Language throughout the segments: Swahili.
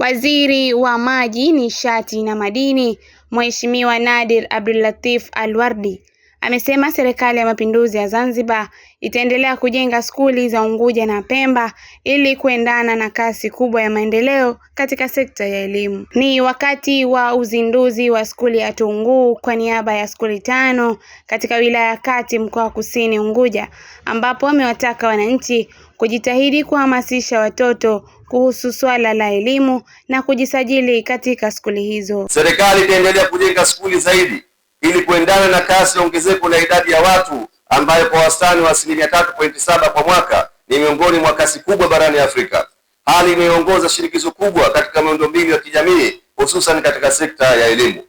Waziri wa Maji, Nishati na Madini, Mheshimiwa Nadir Abdulatif Latif Alwardi Amesema Serikali ya Mapinduzi ya Zanzibar itaendelea kujenga skuli za Unguja na Pemba ili kuendana na kasi kubwa ya maendeleo katika sekta ya elimu. Ni wakati wa uzinduzi wa skuli ya Tunguu kwa niaba ya skuli tano katika wilaya ya Kati mkoa wa Kusini Unguja ambapo amewataka wananchi kujitahidi kuhamasisha watoto kuhusu swala la elimu na kujisajili katika skuli hizo. Serikali itaendelea kujenga skuli zaidi ili kuendana na kasi ya ongezeko la idadi ya watu ambayo kwa wastani wa asilimia 3.7 kwa mwaka ni miongoni mwa kasi kubwa barani Afrika, hali inayoongoza shirikizo kubwa katika miundombinu ya kijamii hususan katika sekta ya elimu.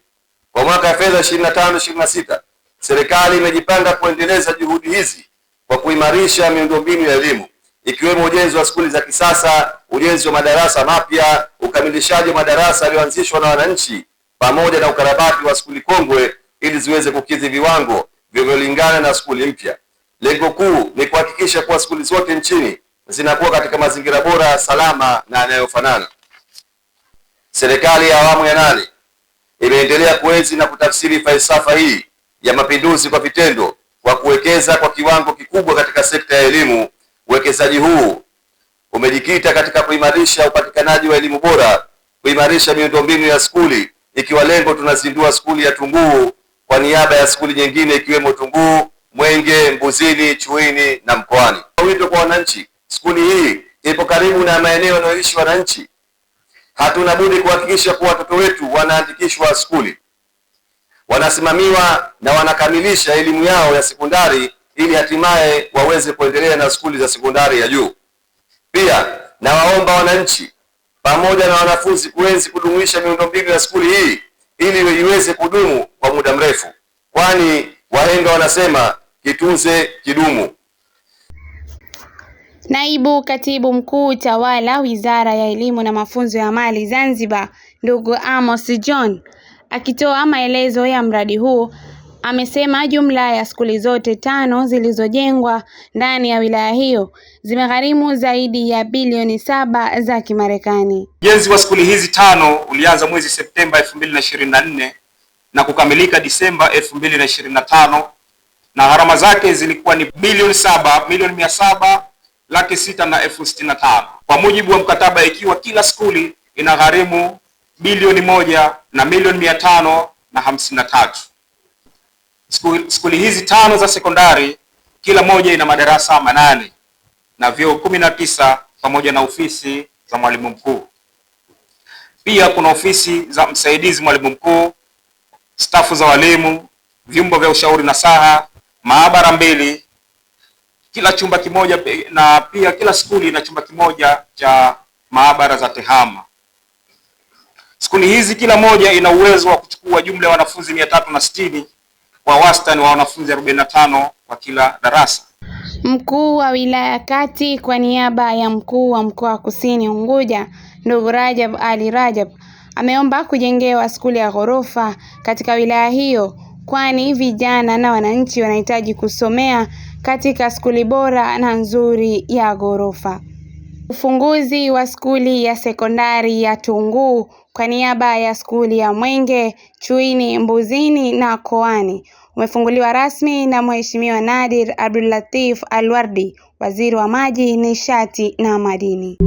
Kwa mwaka wa fedha 25/26 serikali imejipanga kuendeleza juhudi hizi kwa kuimarisha miundombinu ya elimu ikiwemo ujenzi wa skuli za kisasa, ujenzi wa madarasa mapya, ukamilishaji wa madarasa yaliyoanzishwa na wananchi, pamoja na ukarabati wa skuli kongwe ili ziweze kukidhi viwango vinavyolingana na skuli mpya. Lengo kuu ni kuhakikisha kuwa skuli zote nchini zinakuwa katika mazingira bora, salama na yanayofanana. Serikali ya awamu ya nane imeendelea kuenzi na kutafsiri falsafa hii ya mapinduzi kwa vitendo kwa kuwekeza kwa kiwango kikubwa katika sekta ya elimu. Uwekezaji huu umejikita katika kuimarisha upatikanaji wa elimu bora, kuimarisha miundombinu ya skuli, ikiwa lengo tunazindua skuli ya Tunguu kwa niaba ya skuli nyingine ikiwemo Tunguu, Mwenge, Mbuzini, Chuini na Mkoani. Wito kwa wananchi, shughuli hii ipo karibu na maeneo yanayoishi wananchi. Hatuna budi kuhakikisha kuwa watoto wetu wanaandikishwa skuli, wanasimamiwa na wanakamilisha elimu yao ya sekondari ili hatimaye waweze kuendelea na skuli za sekondari ya juu. Pia nawaomba wananchi pamoja na wanafunzi kuenzi kudumisha miundombinu ya skuli hii ili iweze kudumu kwa muda mrefu, kwani wahenga wanasema kitunze kidumu. Naibu Katibu Mkuu tawala Wizara ya Elimu na Mafunzo ya Amali Zanzibar, ndugu Amos John akitoa maelezo ya mradi huu Amesema jumla ya skuli zote tano zilizojengwa ndani ya wilaya hiyo zimegharimu zaidi ya bilioni saba za Kimarekani. Ujenzi wa skuli hizi tano ulianza mwezi Septemba 2024 na kukamilika Disemba 2025 na gharama zake zilikuwa ni bilioni saba milioni mia saba laki sita na elfu sitini na tano kwa mujibu wa mkataba, ikiwa kila skuli ina gharimu bilioni moja na milioni mia tano na hamsini na tatu. Skuli, hizi tano za sekondari kila moja ina madarasa manane na vyoo kumi na tisa pamoja na ofisi za mwalimu mkuu. Pia kuna ofisi za msaidizi mwalimu mkuu, stafu za walimu, vyumba vya ushauri na saha, maabara mbili kila chumba kimoja, na pia kila skuli ina chumba kimoja cha maabara za tehama. Skuli hizi kila moja ina uwezo wa kuchukua jumla ya wanafunzi mia tatu na sitini wa wastani wa wanafunzi 45 kwa kila darasa. Mkuu wa wilaya Kati kwa niaba ya mkuu wa mkoa wa Kusini Unguja, ndugu Rajab Ali Rajab ameomba kujengewa skuli ya ghorofa katika wilaya hiyo, kwani vijana na wananchi wanahitaji kusomea katika skuli bora na nzuri ya ghorofa. Ufunguzi wa skuli ya sekondari ya Tunguu kwa niaba ya skuli ya Mwenge, Chuini, Mbuzini na Koani umefunguliwa rasmi na Mheshimiwa Nadir Abdulatif Alwardi, Waziri wa Maji, Nishati na Madini.